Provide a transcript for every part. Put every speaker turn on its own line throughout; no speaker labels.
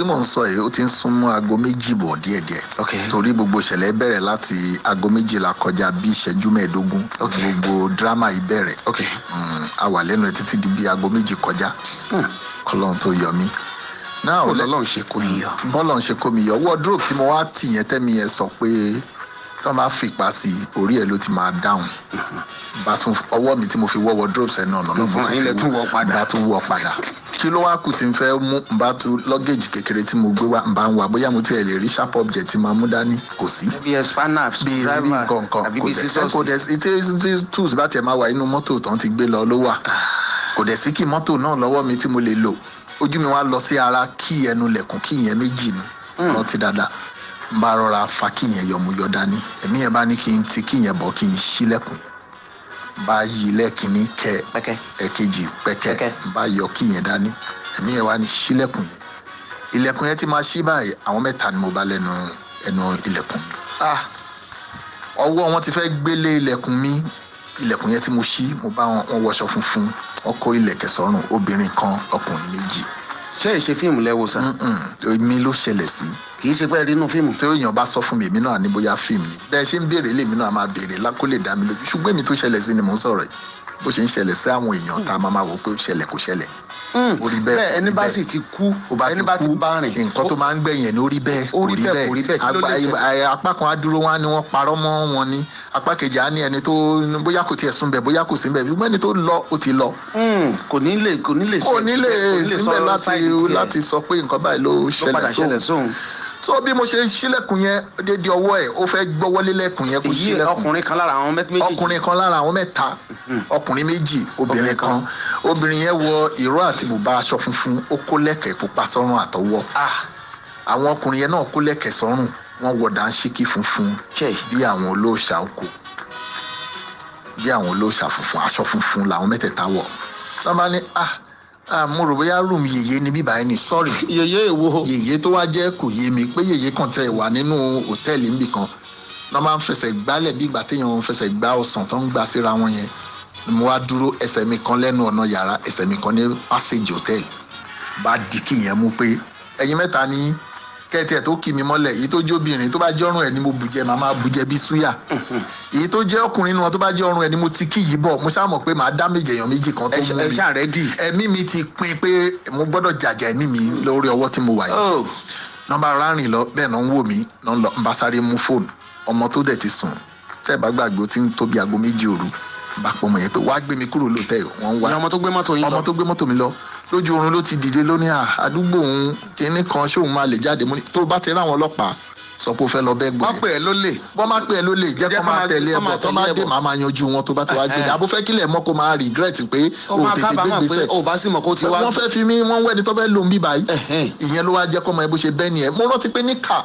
tí mò ń sọ yìí ó ti ń súnmọ́ aago méjì bọ̀ díẹ̀díẹ̀. ok torí gbogbo ìṣẹ̀lẹ̀ bẹ̀rẹ̀ láti aago méjìlá kọjá bíi ìṣẹ́jú mẹ́ẹ̀ẹ́dógún. ok gbogbo dírámà yìí bẹ̀rẹ̀. ok hmm, a wà lẹ́nu ẹ títí di bíi aago méjì kọjá. Hmm. kọlọ́run tó yọ mí náà ọlọ́run ṣe kó mi yọ. bọ́lọ̀ ń ṣe kó mi yọ wardrobe tí mo wá tì yẹn tẹ́mi yẹn sọ pé tí wọ́n bá fìpá sí orí ẹ̀ ló ti máa dáhùn bá tún ọwọ́ mi tí mo fi wọ́ wardrobe sẹ́nu ọ̀nà náà fún ilẹ̀ tún wọ́ padà bá tún wọ́ padà kí ló wá kù sí n fẹ́ mú n bá tún lọ́gẹ̀jì kékeré tí mo gbé wá n bá ń wà bóyá mo tiẹ̀ lè rí sharp object tí máa mú dání kò sí. bí ẹ spanner bí ibi nǹkan kan kò dẹ̀ sí tools bá tiẹ̀ máa wà inú mọ́tò tán ti gbé lọ ló wà kò dẹ̀ sí kí mọ́tò náà lọ́wọ́ mi tí mo lè lò ojú mi wá lọ sí ara kí ẹnu lẹ̀kùn kí ìyẹn méjì ni hmm. rántí dáadáa n bá rọra fa kíyẹn yọmuyọ dání ẹ̀mí yẹn bá ní kí n ti kíyẹn bọ̀ kí n ṣílẹ̀kùn yẹn bá yí lẹ́kìnní kẹ ẹ̀kejì pẹ́kẹ́ bá yọ kíyẹn dání ẹ̀mí yẹn wá ní ṣílẹ̀kùn yẹn ilẹ̀kùn yẹn ti máa ṣí báyìí àwọn mẹ́ta ni mo bá lẹ́nu ẹnu ilẹ̀kùn mi ah ọwọ́ wọn ti fẹ́ gbélé ilẹ̀kùn mi ilẹ̀kùn yẹn tí mo ṣí mo bá wọn wọṣọ funfun ọkọ ilẹ̀kẹ̀ sọ́rùn obìnrin kan ọkùnrin méjì ṣé ìṣe fíìmù lẹ wò sá. mi ló ṣẹlẹ̀ sí. kì í ṣe pé rí inú fíìmù. tí èèyàn bá sọ fún mi èmi náà ní bóyá fíìmù ni. bẹ́ẹ̀ ṣe ń béèrè lèmi náà máa béèrè lákó dá mi lójú ṣùgbọ́n èmi tó ṣẹlẹ̀ sí ni mò ń sọ̀rọ̀ yìí bó ṣe ń ṣẹlẹ̀ sí àwọn èèyàn tá a máa máa wò pé ó ṣẹlẹ̀ kò ṣẹlẹ̀. orí hmm. bẹ́ẹ̀ ẹni bá sì ti kú ẹni bá ti bá rìn nǹkan tó máa ń gbẹ̀yìn ní orí bẹ́ẹ̀ orí bẹ́ẹ̀ orí bẹ́ẹ̀ kí ló lè ṣe. apá kan á wá ni wọ́n parọ́ mọ́ wọn ni apá kejì á ní ẹni tó bóyá kò tiẹ̀ sùn bẹ̀ bóyá kò sí bẹ̀ ṣùgbọ́n ẹni tó lọ ó ti lọ. Hmm, kò ní lè
kò ní lè síbẹ̀ láti sọ
so bí mo ṣe ń ṣílẹ̀kùn yẹn dédé ọwọ́ ẹ̀ ó fẹ́ gbọ́wọ́lé lẹ́kùn yẹn kó ṣílẹ̀kùn. ọkùnrin kan lára àwọn mẹ́ta hmm. ọkùnrin méjì obìnrin kan obìnrin yẹn wọ ìró àti bùbá aṣọ funfun ó kó lẹ́kẹ̀ẹ́ pupa sọ́run àtọwọ́. Ah. àwọn ọkùnrin yẹn náà kó lẹ́kẹ̀ẹ́ sọ́run wọ́n wọ dàńṣíkí funfun bí àwọn olóòṣà oko bí àwọn olóòṣà funfun aṣọ funfun làwọn mẹ́tẹ̀ẹ̀ta wọ̀ tọ́ ní ah mo rò bóyá rúùmù yèyé ni bíbá ni sọ́ọ̀rì. yèyé èwo. yèyé tó wá jẹ́ kò yé mi pé yèyé kan tẹ wà nínú hòtẹ́ẹ̀lì níbì kan wọ́n máa ń fẹsẹ̀ gbálẹ̀ bí ìgbà téèyàn fẹsẹ̀ gbá ọ̀sán tó ń gbà síra wọn yẹn mo wá dúró ẹsẹ̀ mi kan lẹ́nu ọ̀nà yàrá ẹsẹ̀ mi kan ní passage hòtẹ́ẹ̀lì bá di kí yẹn mú pé ẹ̀yin mẹ́ta ní kẹ́tì ẹ̀ tó kì mí mọ́lẹ̀ èyí tó jẹ́ obìnrin tó bá jẹ́ ọrùn ẹ̀ ni mo bùjẹ màmá bùjẹ bíi súyà èyí tó jẹ́ ọkùnrin nu wọn tó bá jẹ́ ọrùn ẹ̀ ni mo ti kí yìí bọ̀ mo ṣáà mọ̀ pé màá dá méje èèyàn méjì kan tó mú mi ẹ̀mí mi ti pin pé mo gbọ́dọ̀ jàjà ẹ̀mí mi lórí ọwọ́ tí mo wà yìí oh. nọ́mbà rárìn lọ bẹ́ẹ̀ náà ń wò mí náà ń bá sáré mú fóònù ọmọ tó dẹ̀ ti sùn tẹ́ẹ̀ bá gbàgbé ti ń tóbi aago méjì òru bá pọ̀ mọ̀ yẹn pé wàá gbé mi kúrò lóòótẹ́ wọ́n wá ọmọ tó gbé mọ́tò yín lọ ọmọ tó gbé mọ́tò mi lọ lójú oorun ló ti dìde lóní àdúgbò òun kínní kan ṣóun máa lè jáde mú ni tó bá ti ráwọn ọlọ́pàá sọ pé ó fẹ́ lọ bẹ́ẹ̀ gbọ́. wọ́n pè é lólè. wọ́n máa pè é lólè jẹ́ kó máa tẹ̀lé ẹ̀bọ̀ tó máa dé màá máa yanjú wọn tó bá ti wá gbé ní. àbúfẹ́ kílẹ̀ mọ́ kó máa regret pé o tètè gbé gbèsè. o bá sì mọ̀ kó ti wá. wọ́n fẹ́ fi mí wọ́n wẹ́ni tó fẹ́ lò ń bí báyìí. ìyẹn ló wá jẹ́ kó máa bó ṣe bẹ́ẹ̀ ni mo rántí pé níkà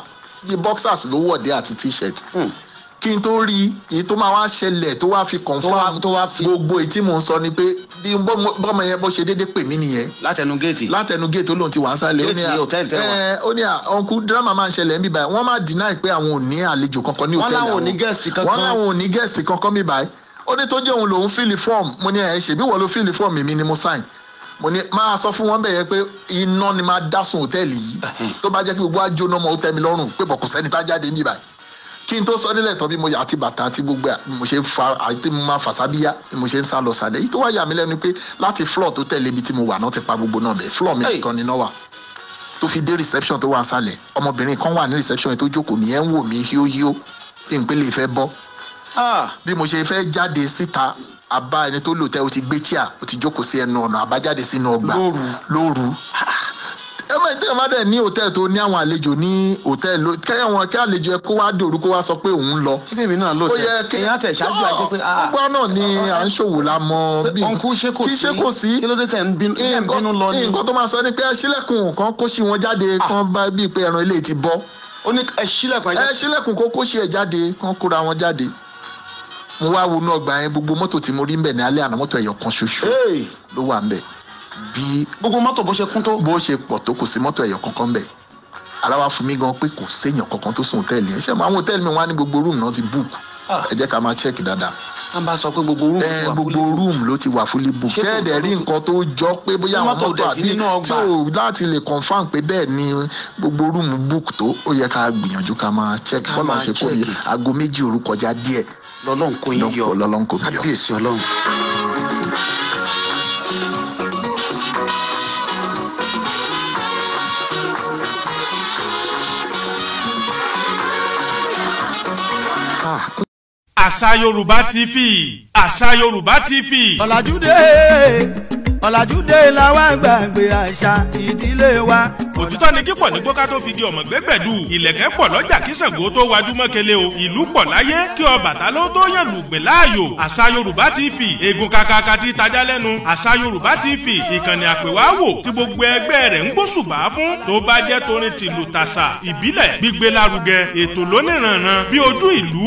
bíi boxers ló wọ̀dé àti t-shirt.
Hmm kí
n tó rí èyí tó máa wá ṣẹlẹ̀ tó wá fi confam tó wá fi gbogbo èyí tí mò ń sọ ni pé bí bọ́mọ yẹn bó ṣe déédéé pè mí nìyẹn. látẹnu géètì látẹnu géètì ó lóun ti wà á sálẹ̀. géètì hòtẹ́ẹ̀lì tẹ́wà ẹ ó ní à ọ̀nkú dírámà máa ń ṣẹlẹ̀ níbí báyìí wọ́n máa deny pé àwọn ò ní àlejò kankan ní hòtẹ́ẹ̀lì àwọn wọ́n láwọn ò ní gẹ̀ẹ́sì kankan wọ́n báyìí ó ní tó jẹ́ òun lòun fíìlì fọ́ọ̀mù mo ní ẹ̀ ṣe bí wọ́n ló fíìlì fọ́ọ̀mù mi ni mo sign mo ní máa sọ fún wọn bẹ́ẹ̀ yẹn pé iná ni máa dá sun hòtẹ́ẹ̀lì yìí tó bá jẹ́ pé gbogbo àjò náà mọ̀ ó mi lọ́rùn pé bọ̀kùsẹ́ni tá jáde níbí kí n tó sọ nílẹ̀ tán bí mo yà àti bàtà àti gbogbo mo ṣe ń fa àti mo máa fàṣábíyá ni mo ṣe ń sá lọ sàlẹ̀ yìí tó wá mí lẹ́nu pé láti floor tó tẹ̀lé ibi tí mo wà náà ti pa gbogbo náà bẹ́ẹ̀ floor mi nìkan ni náà wà tó fi dé reception tó wà sàlẹ̀ ọmọbìnrin kan wà ní reception yẹn tó jókòó mi ẹ̀ ń wò mí híóhíó bí n pé lè fẹ́ bọ́ ah! bí mo ṣe fẹ́ jáde síta àbá ẹni tó lò tẹ́ o ti gbé chair o ti jókòó sí ẹnu ọ̀nà àbájáde sínú ọgbà lóru lóru nígbà tí èèyàn bá dẹ̀ ní hòtẹ́ẹ̀lì tó ní àwọn àlejò ní hòtẹ́ẹ̀lì kẹ́yọ̀ wọn kí àlejò ẹ kó wá dòru kó wá sọ pé òun lọ. kíbèmí
náà ló tẹ èèyàn tẹ ṣáájú àti pé.
Ah, gbogbo náà ni ah, ah, à ń ṣòwò la mọ bí. ọ̀nkú ṣé kò sí kí ṣé kò sí. kí ló dé tẹ̀ ń bínú lọ ni. nǹkan tó máa sọ ni pé ṣílẹ̀kùn kan kó sí wọn jáde kan bá bíi pé ẹran ilé ti bọ́. ó ní ẹ ṣílẹ̀kùn ẹ jáde. ẹ ṣílẹ̀kùn kó kó sí ẹ jáde kan kóra wọn jáde mo wá wọnú ọgbà yẹn bí gbogbo mọ́tò bó ṣe kún tó. bó ṣe pọ̀ tó kò sí mọ́tò ẹ̀yọ̀ kankan bẹ̀ aláwa fún mi gan pé kò séèyàn kankan tó sùn hòtẹ́ẹ̀lì ẹ̀ ṣe mọ àwọn hòtẹ́ẹ̀lì mi wá ní gbogbo rúùmù náà ti book ah. ẹ jẹ́ ká máa check dáadáa. a bá sọ pé gbogbo rúùmù ló wà eh, fúlẹ̀ gbogbo rúùmù ló ti wà fúlẹ̀ book kẹ́ẹ̀dẹ̀ rí nǹkan tó jọ pé bóyá àwọn mọ́tò àbí tí ò láti lè confam pé bẹ́ẹ̀ ni gbogbo rúùmù book tó ó yẹ ká gbìyànjú ká máa check bọ́lá ṣe kó yẹ aago méjì òru kọjá díẹ̀ lọ́lọ́nkó
àṣà yorùbá tv àṣà yorùbá tv. ọ̀làjúdé ọ̀làjúdé làwọn gbàgbé àṣà ìdílé wa ìnagí pọ̀ ní gbóká tó fi di ọmọ gbẹ́gbẹ̀dù ìlẹ̀kẹ̀ pọ̀ lọ́jà kí Ṣàngó tó wájú mọ́kẹ́lẹ́ o ìlú pọ̀ láyé kí Ọbàtálá tó yàn lùgbẹ̀ láàyò àṣà Yorùbá TV egun kakaka ti tajá lẹ́nu àṣà Yorùbá TV ìkànnì àpèwáwò tí gbogbo ẹgbẹ́ rẹ̀ ń gbósùbà fún tó bá jẹ́ torin tìlù tàṣà ìbílẹ̀ gbígbé lárugẹ ètò lóníranran bí ojú ìlú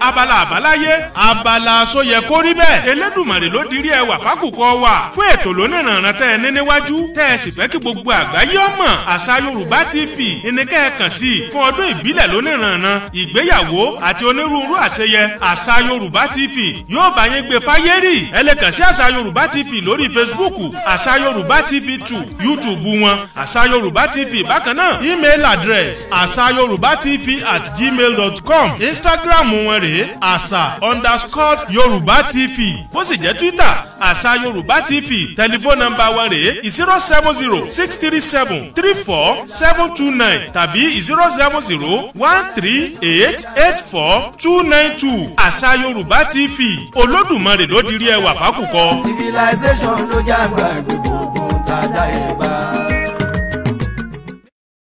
abala àbáláyé abala sóyẹ kó rí bẹ́ẹ̀ Elédùmarè ló dirí ẹwà fákùkọ wà fún ètò lóníranran tẹ́ ẹ ní níwájú tẹ́ ẹ sì fẹ́ àṣà yorùbá tv ìníkẹ́ ẹ kàn sí fún ọdún ìbílẹ̀ lóníranran ìgbéyàwó àti onírúurú àṣeyẹ àṣà yorùbá tv yóò bá yín gbé fáyérì ẹ lè kàn sí àṣà yorùbá tv lórí facebook àṣà yorùbá tv two youtube wọn àṣà yorùbá tv bákan náà email address àṣà yorùbá tv at gmail dot com instagram wọn rèé àṣà underscore yorùbá tv bó sì jẹ́ twitter àṣà yorùbá tv tẹlifóònù nọ́mbà wa rèé zero seven zero six three seven three four seven two nine tàbí zero seven zero one three eight eight four two nine two àṣà yorùbá tv olódùmarè ló dirí ẹwà fákùkọ. civilization ló jàgbá gbogbo ogun tá a dá ẹ bá.